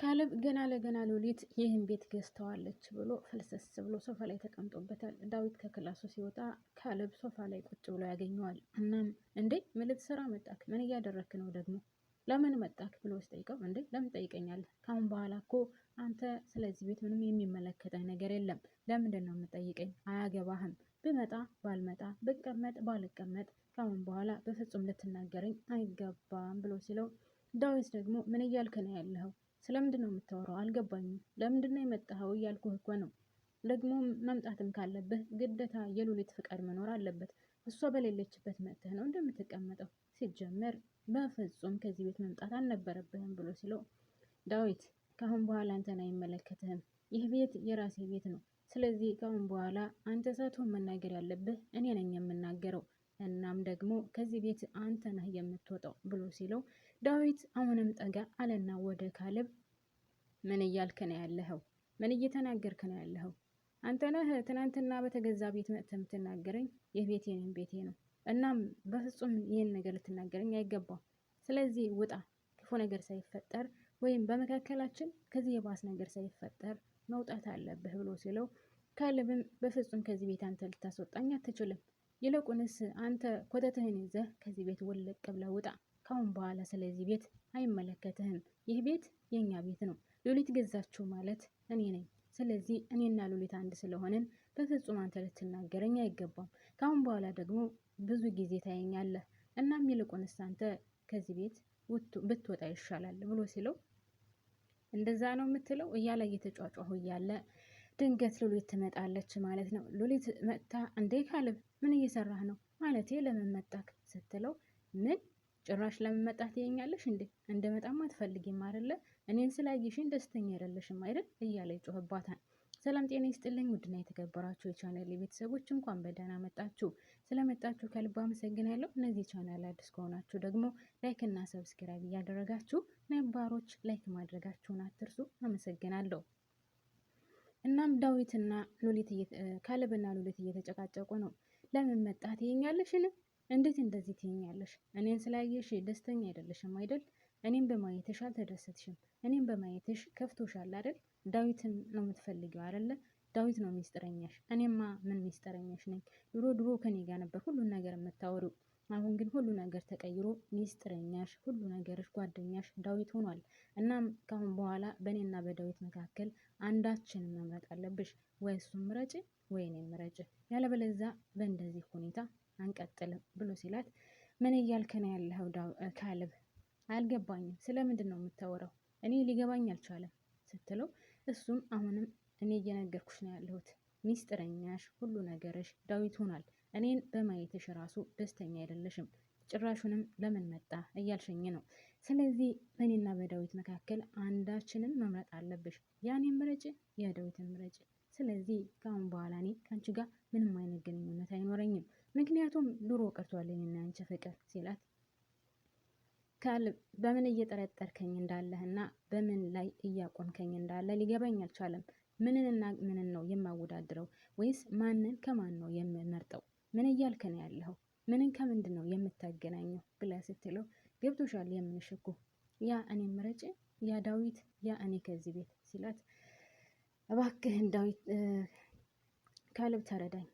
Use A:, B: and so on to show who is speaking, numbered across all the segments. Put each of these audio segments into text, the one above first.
A: ካለብ ገና ለገና ሉሊት ይህን ቤት ገዝተዋለች ብሎ ፍልስስ ብሎ ሶፋ ላይ ተቀምጦበታል። ዳዊት ከክላሱ ሲወጣ ካለብ ሶፋ ላይ ቁጭ ብሎ ያገኘዋል። እናም እንዴ ምን ልትሰራ መጣክ? ምን እያደረክ ነው ደግሞ? ለምን መጣክ ብሎ ስጠይቀው እንዴ ለምን ጠይቀኛል? ካሁን በኋላ እኮ አንተ ስለዚህ ቤት ምንም የሚመለከተ ነገር የለም። ለምንድን ነው የምጠይቀኝ? አያገባህም። ብመጣ ባልመጣ ብቀመጥ ባልቀመጥ ካሁን በኋላ በፍጹም ልትናገረኝ አይገባም ብሎ ሲለው ዳዊት ደግሞ ምን እያልክ ነው ያለኸው ስለምንድን ነው የምታወራው? አልገባኝም። ለምንድን ነው የመጣኸው? እያልኩህ እኮ ነው። ደግሞ መምጣትም ካለብህ ግዴታ የሉሊት ፍቃድ መኖር አለበት። እሷ በሌለችበት መጥተህ ነው እንደምትቀመጠው። ሲጀመር በፍጹም ከዚህ ቤት መምጣት አልነበረብህም ብሎ ሲለው ዳዊት ከአሁን በኋላ አንተን አይመለከትህም። ይህ ቤት የራሴ ቤት ነው። ስለዚህ ከአሁን በኋላ አንተ ሳትሆን መናገር ያለብህ እኔ ነኝ የምናገረው። እናም ደግሞ ከዚህ ቤት አንተ ነህ የምትወጣው ብሎ ሲለው ዳዊት አሁንም ጠጋ አለና ወደ ካለብ ምን እያልክ ነው ያለኸው? ምን እየተናገርክ ነው ያለኸው? አንተ ነህ ትናንትና በተገዛ ቤት መጥተህ የምትናገረኝ። የቤቴን ቤቴ ነው እናም በፍጹም ይህን ነገር ልትናገረኝ አይገባም። ስለዚህ ውጣ፣ ክፉ ነገር ሳይፈጠር ወይም በመካከላችን ከዚህ የባስ ነገር ሳይፈጠር መውጣት አለብህ ብሎ ሲለው ካለብም በፍጹም ከዚህ ቤት አንተ ልታስወጣኝ አትችልም ይልቁንስ አንተ ኮተትህን ይዘህ ከዚህ ቤት ውልቅ ብለህ ውጣ። ካሁን በኋላ ስለዚህ ቤት አይመለከትህም። ይህ ቤት የእኛ ቤት ነው። ሉሊት ገዛችው ማለት እኔ ነኝ። ስለዚህ እኔና ሉሊት አንድ ስለሆንን በፍጹም አንተ ልትናገረኝ አይገባም። ካሁን በኋላ ደግሞ ብዙ ጊዜ ታየኛለህ። እናም ይልቁንስ አንተ ከዚህ ቤት ብትወጣ ይሻላል ብሎ ሲለው እንደዛ ነው የምትለው እያለ እየተጫጫሁ እያለ ድንገት ሉሊት ትመጣለች ማለት ነው። ሉሊት መጥታ እንዴ ካሌብ ምን እየሰራህ ነው? ማለቴ ለምን መጣህ ስትለው ምን ጭራሽ ለምን መጣህ ትይኛለሽ እንዴ? እንደመጣም አትፈልጊም አይደለ? እኔን ስላየሽኝ ደስተኛ አይደለሽም አይደል? እያለ ይጮህባታል። ሰላም ጤና ይስጥልኝ። ውድና የተከበራችሁ የቻናል ቤተሰቦች እንኳን በደህና መጣችሁ። ስለመጣችሁ ከልብ አመሰግናለሁ። እነዚህ ቻናል አዲስ ከሆናችሁ ደግሞ ላይክ እና ሰብስክራይብ እያደረጋችሁ ነባሮች ላይክ ማድረጋችሁን አትርሱ። አመሰግናለሁ። እናም ዳዊትና ሉሊት ካለብና ሉሊት እየተጨቃጨቁ ነው። ለምን መጣ ትይኛለሽን? እንዴት እንደዚህ ትይኛለሽ? እኔን ስላየሽ ደስተኛ አይደለሽም አይደል? እኔም በማየትሽ አልተደሰትሽም። እኔም በማየትሽ ከፍቶሻል አይደል? ዳዊትን ነው የምትፈልጊው አይደለ? ዳዊት ነው ሚስጥረኛሽ። እኔማ ምን ሚስጥረኛሽ ነኝ? ድሮ ድሮ ከኔ ጋር ነበር ሁሉን ነገር የምታወሪው። አሁን ግን ሁሉ ነገር ተቀይሮ ሚስጥረኛሽ፣ ሁሉ ነገርሽ፣ ጓደኛሽ ዳዊት ሆኗል። እናም ካሁን በኋላ በእኔና በዳዊት መካከል አንዳችን መምረጥ አለብሽ። ወይ እሱን ምረጭ፣ ወይ እኔን ምረጭ፣ ያለበለዚያ በእንደዚህ ሁኔታ አንቀጥልም ብሎ ሲላት ምን እያልከን ያለኸው ካልብ? አልገባኝም። ስለምንድን ነው የምታወራው? እኔ ሊገባኝ አልቻለም ስትለው እሱም አሁንም እኔ እየነገርኩሽ ነው ያለሁት ሚስጥረኛሽ፣ ሁሉ ነገርሽ ዳዊት ሆኗል። እኔን በማየትሽ ራሱ ደስተኛ አይደለሽም። ጭራሹንም ለምን መጣ እያልሸኝ ነው። ስለዚህ በእኔና በዳዊት መካከል አንዳችንም መምረጥ አለብሽ። ያኔ ምረጭ፣ የዳዊትን ምረጭ። ስለዚህ ከአሁን በኋላ እኔ ከአንቺ ጋር ምንም አይነት ግንኙነት አይኖረኝም። ምክንያቱም ድሮ ቀርቷል የኔና አንቺ ፍቅር ሲላት በምን እየጠረጠርከኝ እንዳለህ እና በምን ላይ እያቆምከኝ እንዳለ ሊገባኝ አልቻለም። ምንንና ምንን ነው የማወዳድረው? ወይስ ማንን ከማን ነው የምመርጠው? ምን እያልክ ነው ያለኸው? ምንን ከምንድን ነው የምታገናኘው? ብላ ስትለው ገብቶሻል የምንሽኩ ያ እኔ ምረጭ፣ ያ ዳዊት፣ ያ እኔ ከዚህ ቤት ሲላት እባክህን ዳዊት ካለብ ተረዳኝ።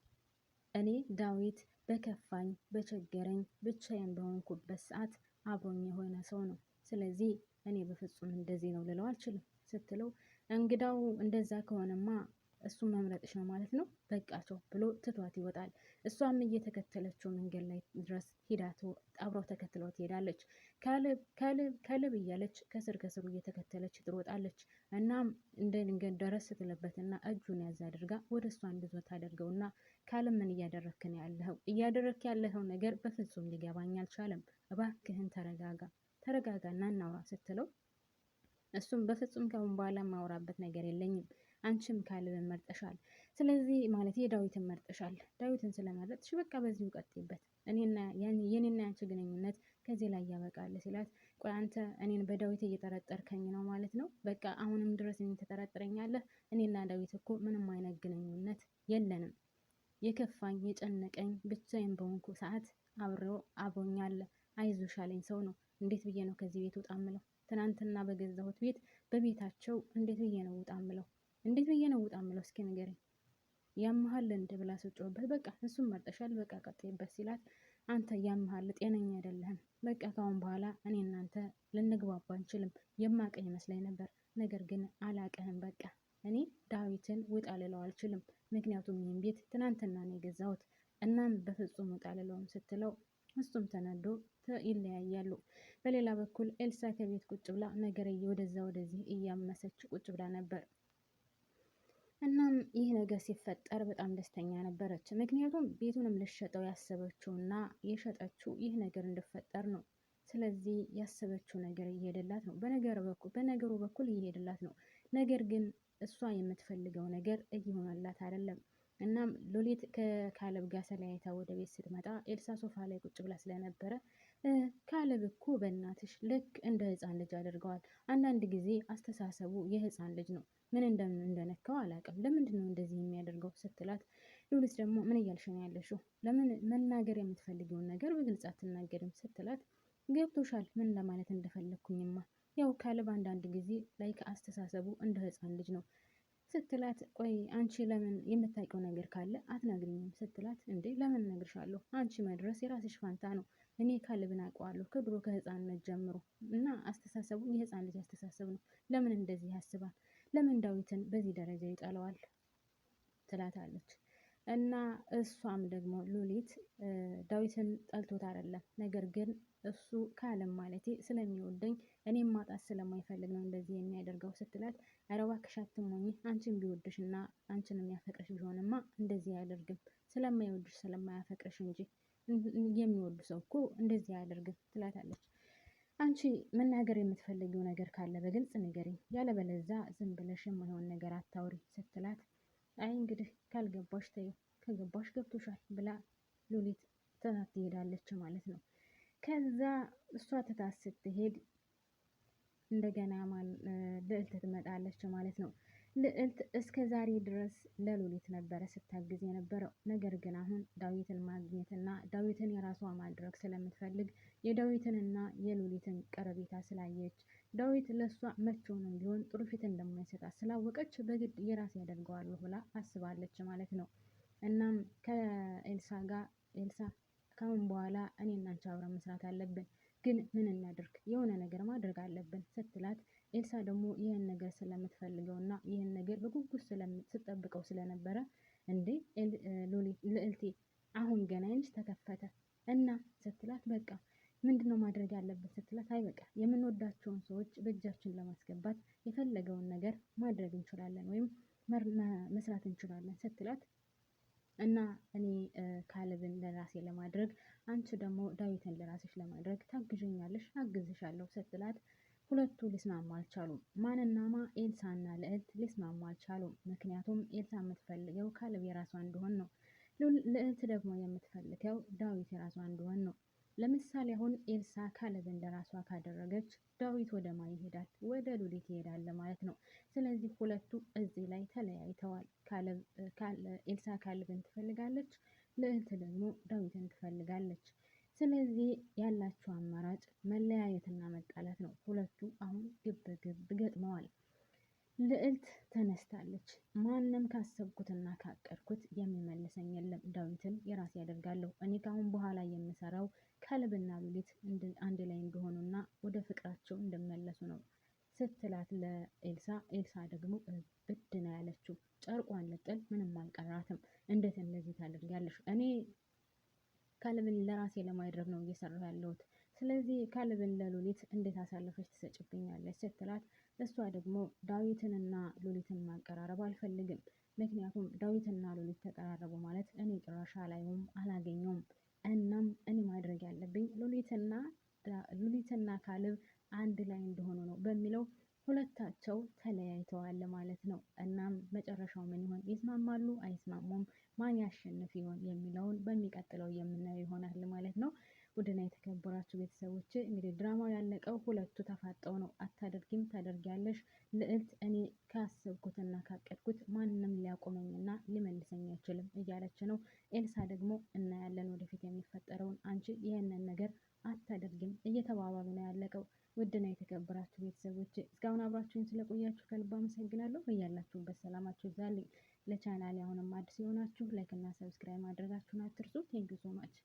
A: እኔ ዳዊት በከፋኝ በቸገረኝ ብቻዬን በሆንኩበት ሰዓት አብሮኝ የሆነ ሰው ነው። ስለዚህ እኔ በፍጹም እንደዚህ ነው ልለው አልችልም ስትለው እንግዳው እንደዛ ከሆነማ እሱ መምረጥሽ ነው ማለት ነው፣ በቃቸው ብሎ ትቷት ይወጣል። እሷም እየተከተለችው መንገድ ላይ ድረስ ሂዳቱ አብረው ተከትለው ትሄዳለች። ከልብ ከልብ እያለች ከስር ከስሩ እየተከተለች ትሮጣለች። እናም እንደ ድንገት ደረስ ስትልበትና እጁን ያዝ አድርጋ ወደ እሷ እንድዞር ታደርገውና ካልም ምን እያደረክ ነው ያለኸው እያደረክ ያለኸው ነገር በፍጹም ሊገባኝ አልቻለም። እባክህን ተረጋጋ፣ ተረጋጋና እናውራ ስትለው እሱም በፍጹም ከአሁን በኋላ የማውራበት ነገር የለኝም። አንቺም ካሌብን መርጠሻል። ስለዚህ ማለት የዳዊትን መርጠሻል። ዳዊትን ስለመረጥሽ በቃ በዚሁ ቀጥይበት። የኔና ያንቺ ግንኙነት ከዚህ ላይ ያበቃል ሲላት፣ ቆይ አንተ እኔን በዳዊት እየጠረጠርከኝ ነው ማለት ነው? በቃ አሁንም ድረስ እኔን ትጠረጥረኛለህ? እኔና ዳዊት እኮ ምንም አይነት ግንኙነት የለንም። የከፋኝ የጨነቀኝ ብቻዬን በሆንኩ ሰዓት አብሮ አብሮኛል አይዞሽ ሰው ነው። እንዴት ብዬ ነው ከዚህ ቤት ውጣ ምለው? ትናንትና በገዛሁት ቤት በቤታቸው እንዴት ብዬ ነው ውጣ ምለው? እንዴት ብዬ ነው ውጣ ምለው? እስኪ ንገረኝ። ያመሃል እንደ ብላ ስጮህበት፣ በቃ እሱም መርጠሻል፣ በቃ ቀጥይበት ሲላት፣ አንተ ያመሃል፣ ጤነኛ አይደለህም። በቃ ካሁን በኋላ እኔ እናንተ ልንግባባ አንችልም። የማቀኝ ይመስለኝ ነበር፣ ነገር ግን አላቀህም። በቃ እኔ ዳዊትን ውጣ ልለው አልችልም፣ ምክንያቱም ይህን ቤት ትናንትና ነው የገዛሁት። እናም በፍጹም ውጣ ልለውም ስትለው እሱም ተናዶ ይለያያሉ። በሌላ በኩል ኤልሳ ከቤት ቁጭ ብላ ነገርዬ ወደዛ ወደዚህ እያመሰች ቁጭ ብላ ነበር። እናም ይህ ነገር ሲፈጠር በጣም ደስተኛ ነበረች። ምክንያቱም ቤቱንም ልሸጠው ያሰበችው እና የሸጠችው ይህ ነገር እንዲፈጠር ነው። ስለዚህ ያሰበችው ነገር እየሄደላት ነው። በነገሩ በኩል እየሄደላት ነው። ነገር ግን እሷ የምትፈልገው ነገር እየሆነላት አይደለም። እናም ሎሌት ከካለብ ጋር ተለያይታ ወደ ቤት ስትመጣ ኤልሳ ሶፋ ላይ ቁጭ ብላ ስለነበረ ካለብ እኮ በእናትሽ ልክ እንደ ህፃን ልጅ አድርገዋል። አንዳንድ ጊዜ አስተሳሰቡ የህፃን ልጅ ነው። ምን እንደነካው አላውቅም። ለምንድን ነው እንደዚህ የሚያደርገው ስትላት፣ ሎሊት ደግሞ ምን እያልሽ ነው ያለሽው? ለምን መናገር የምትፈልጊውን ነገር በግልጽ አትናገርም? ስትላት ገብቶሻል ምን ለማለት እንደፈለግኩኝማ ያው ካለብ አንዳንድ ጊዜ ላይ ከአስተሳሰቡ እንደ ህፃን ልጅ ነው ስትላት ቆይ አንቺ ለምን የምታውቂው ነገር ካለ አትነግሪኝም? ስትላት እንዴ ለምን እነግርሻለሁ? አንቺ መድረስ የራስሽ ፋንታ ነው። እኔ ካልብን አውቀዋለሁ ከድሮ ከህፃንነት ጀምሮ እና አስተሳሰቡ የህፃን ልጅ አስተሳሰብ ነው። ለምን እንደዚህ ያስባል? ለምን ዳዊትን በዚህ ደረጃ ይጠለዋል? ትላታለች። እና እሷም ደግሞ ሉሊት ዳዊትን ጠልቶት አይደለም፣ ነገር ግን እሱ ካለም ማለቴ ስለሚወደኝ እኔም ማጣት ስለማይፈልግ ነው እንደዚህ የሚያደርገው ስትላት ኧረ እባክሽ አትሞኝ። አንቺን ቢወድሽ እና አንቺን የሚያፈቅርሽ ቢሆንማ እንደዚህ አያደርግም። ስለማይወድሽ ስለማያፈቅርሽ እንጂ የሚወዱ ሰው እኮ እንደዚህ አያደርግም ትላታለች። አንቺ መናገር የምትፈልጊው ነገር ካለ በግልጽ ንገሪኝ፣ ያለበለዛ ዝም ብለሽ የማይሆን ነገር አታውሪ ስትላት አይ እንግዲህ ካልገባሽ ተይው፣ ከገባሽ ገብቶሻል ብላ ሉሊት ትታት ትሄዳለች ማለት ነው። ከዛ እሷ ትታት ስትሄድ እንደገና ልዕልት ትመጣለች ማለት ነው። ልዕልት እስከ ዛሬ ድረስ ለሉሊት ነበረ ስታግዝ የነበረው። ነገር ግን አሁን ዳዊትን ማግኘትና ዳዊትን የራሷ ማድረግ ስለምትፈልግ የዳዊትንና የሉሊትን ቀረቤታ ስላየች ዳዊት ለእሷ መቼውንም ቢሆን ጥሩ ፊት እንደማይሰጣት ስላወቀች በግድ የራሴ ያደርገዋል ብላ አስባለች ማለት ነው። እናም ከኤልሳ ጋር ኤልሳ ካሁን በኋላ እኔ እናንቺ አብረን መስራት አለብን ግን ምን እናድርግ የሆነ ነገር ማድረግ አለብን ስትላት ኤልሳ ደግሞ ይህን ነገር ስለምትፈልገውና ይህን ነገር በጉጉት ስትጠብቀው ስለነበረ እንዴ ልዕልቴ አሁን ገና ዓይንሽ ተከፈተ እና ስትላት በቃ ምንድን ነው ማድረግ ያለብን ስትላት አይ በቃ የምንወዳቸውን ሰዎች በእጃችን ለማስገባት የፈለገውን ነገር ማድረግ እንችላለን ወይም መስራት እንችላለን ስትላት እና እኔ ካለብን ለራሴ ለማድረግ አንቺ ደግሞ ዳዊትን ለራስሽ ለማድረግ አልቻሉም። ማንናማ ኤልሳና ልዕልት ሊስማሙ አልቻሉም። ምክንያቱም ኤልሳ የምትፈልገው ካልብ የራሷ እንዲሆን ነው። ልዕልት ደግሞ የምትፈልገው ዳዊት የራሷ እንዲሆን ነው። ለምሳሌ አሁን ኤልሳ ካሌብ እንደራሷ ካደረገች ዳዊት ወደ ማ ይሄዳል? ወደ ሉሊት ይሄዳል ለማለት ነው። ስለዚህ ሁለቱ እዚህ ላይ ተለያይተዋል። ኤልሳ ካልብን ትፈልጋለች፣ ልዕልት ደግሞ ዳዊትን ትፈልጋለች። ስለዚህ ያላቸው አማራጭ መለያየትና መጣላት ነው። ሁለቱ አሁን ግብ ግብ ገጥመዋል። ልዕልት ተነስታለች። ማንም ካሰብኩትና ካቀድኩት የሚመልሰኝ የለም፣ ዳዊትን የራሴ ያደርጋለሁ። እኔ ካሁን በኋላ የምሰራው ከልብና ሉሊት አንድ ላይ እንደሆኑና ወደ ፍቅራቸው እንደመለሱ ነው ስትላት ለኤልሳ፣ ኤልሳ ደግሞ ብድ ነው ያለችው። ጨርቋን ልጥል ምንም አልቀራትም። እንዴት እንደዚህ ታደርጊያለሽ? እኔ ካለብን ለራሴ ለማድረግ ነው እየሰራሁ ያለሁት። ስለዚህ ካለብን ለሉሊት እንዴት አሳልፈች ትሰጭብኛለች ስትላት፣ እሷ ደግሞ ዳዊትንና ሉሊትን ማቀራረብ አልፈልግም። ምክንያቱም ዳዊትና ሉሊት ተቀራረቡ ማለት እኔ ጭራሽ አላየውም አላገኘውም። እናም እኔ ማድረግ ያለብኝ ሉሊትና ሉሊትና ካልብ አንድ ላይ እንደሆኑ ነው በሚለው ሁለታቸው ተለያይተዋል ማለት ነው። እናም መጨረሻው ምን ይሆን? ይስማማሉ አይስማሙም? ማን ያሸንፍ ይሆን የሚለውን በሚቀጥለው የምናየው ይሆናል ማለት ነው። ውድና የተከበራችሁ ቤተሰቦች እንግዲህ ድራማው ያለቀው ሁለቱ ተፋጠው ነው ቤተሰቦች እስካሁን አብራችሁኝ ስለቆያችሁ ከልብ አመሰግናለሁ። በያላችሁበት ሰላማችሁ ይብዛልኝ። ለቻናሌ አሁንም አዲስ የሆናችሁ ላይክ እና ሰብስክራይብ ማድረጋችሁን አትርሱ። ቴንኪው ሶ ማች